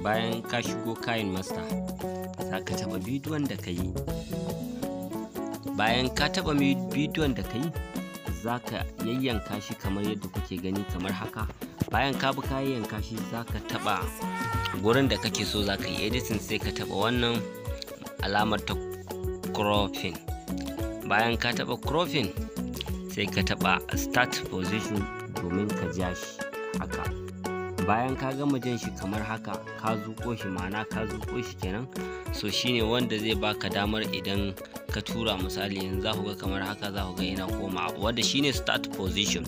bayan ka shigo kayan masta za ka taɓa bidiyon da ka yi bayan ka taɓa bidiyon da ka yi za ka yayyanka shi kamar yadda kuke gani kamar haka bayan ka bi ka yayyanka shi za ka taɓa gurin da kake so za ka yi editing sai ka taɓa wannan alamar ta cropping bayan ka taɓa cropping sai ka taɓa start position domin ka ja shi haka bayan ka gama jan shi kamar haka ka zuko shi ma'ana ka zuko shi kenan so shine wanda zai baka damar idan ka tura misali yanzu za ku ga kamar haka za ku ga yana koma wanda shine start position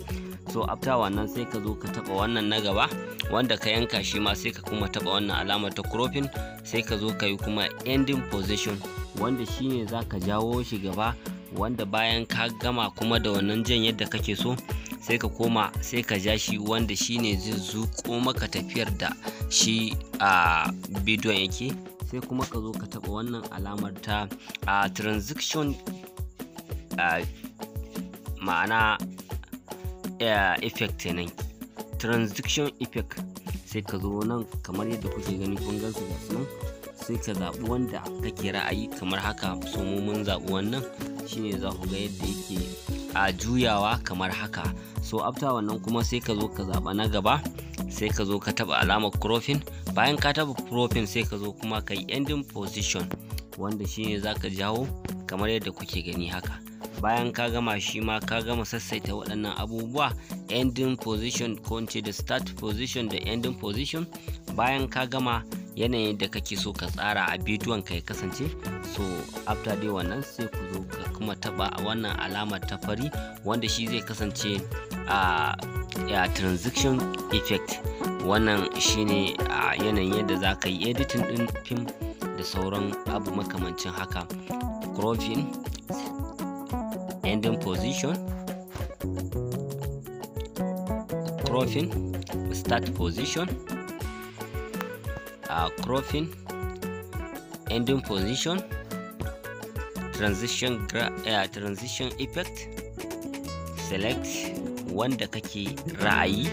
so after wannan sai ka zo ka taba wannan na gaba wanda ka yanka shi ma sai ka kuma taba wannan alamar ta cropping sai ka zo ka yi kuma ending position wanda shine za ka jawo shi gaba wanda bayan ka gama kuma da wannan jan yadda kake so sai ka koma sai ka ja shi wanda shi ne zai zuƙo maka tafiyar da shi a bidiyon yake sai kuma ka zo ka taɓa wannan alamar ta a transaction ma'ana effect nan transaction effect sai ka zo nan kamar yadda kuke gani kun su gasu nan sai ka zaɓi wanda kake ra'ayi kamar haka su mun zaɓi wannan shine za ku ga yadda yake a juyawa kamar haka so after wannan kuma sai ka zo ka zaba na gaba sai ka zo ka taɓa alamar cropping bayan ka taɓa cropping sai ka zo kuma ka yi ending position wanda shine za ka jawo kamar yadda kuke gani haka bayan ka gama shi ma ka gama sassaita waɗannan abubuwa ending position ko da start position da ending position bayan ka gama yanayin da kake so ka tsara a bidiyon ka ya kasance so after day wannan sai ku zo ka kuma taba wannan alamar ta fari wanda shi zai kasance a transition effect wannan shine a yanayin yadda za ka yi editing din fim da sauran abu makamancin haka cropping ending position cropping start position uh, cropping ending position transition uh, transition effect select wanda kake ra'ayi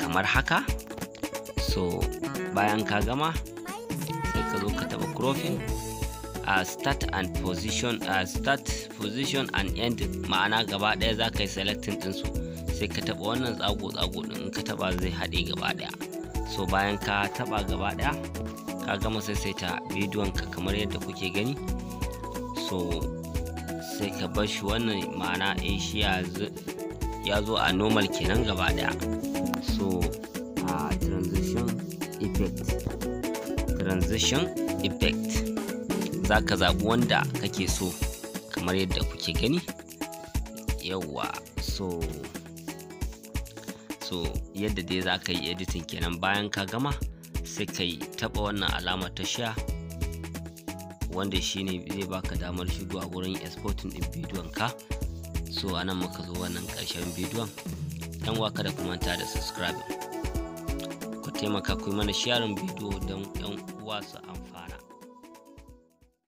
kamar haka so bayan ka gama sai ka zo ka taba cropping uh, start and position uh, start position and end ma'ana gaba daya za ka yi selecting ɗinsu sai ka taba wannan tsago-tsago ɗin in ka taba zai haɗe gaba daya so bayan ka taɓa gaba daya ka gama saisaita bidiyon ka kamar yadda kuke gani so sai ka bar shi wannan ma'ana asia ya zo a normal kenan gaba daya so a transition effect transition effect za ka zaɓi wanda kake so kamar yadda kuke gani yawwa so so yadda dai za ka yi editing kenan bayan ka gama sai ka yi taɓa wannan alama ta sha wanda ne zai baka damar shigo a gurin exporting ɗin bidiyon ka so anan muka zo wannan ƙarshen bidiyon dan waka da ta da subscribe ku taimaka ku yi mana sharing bidiyo don yan uwa su amfani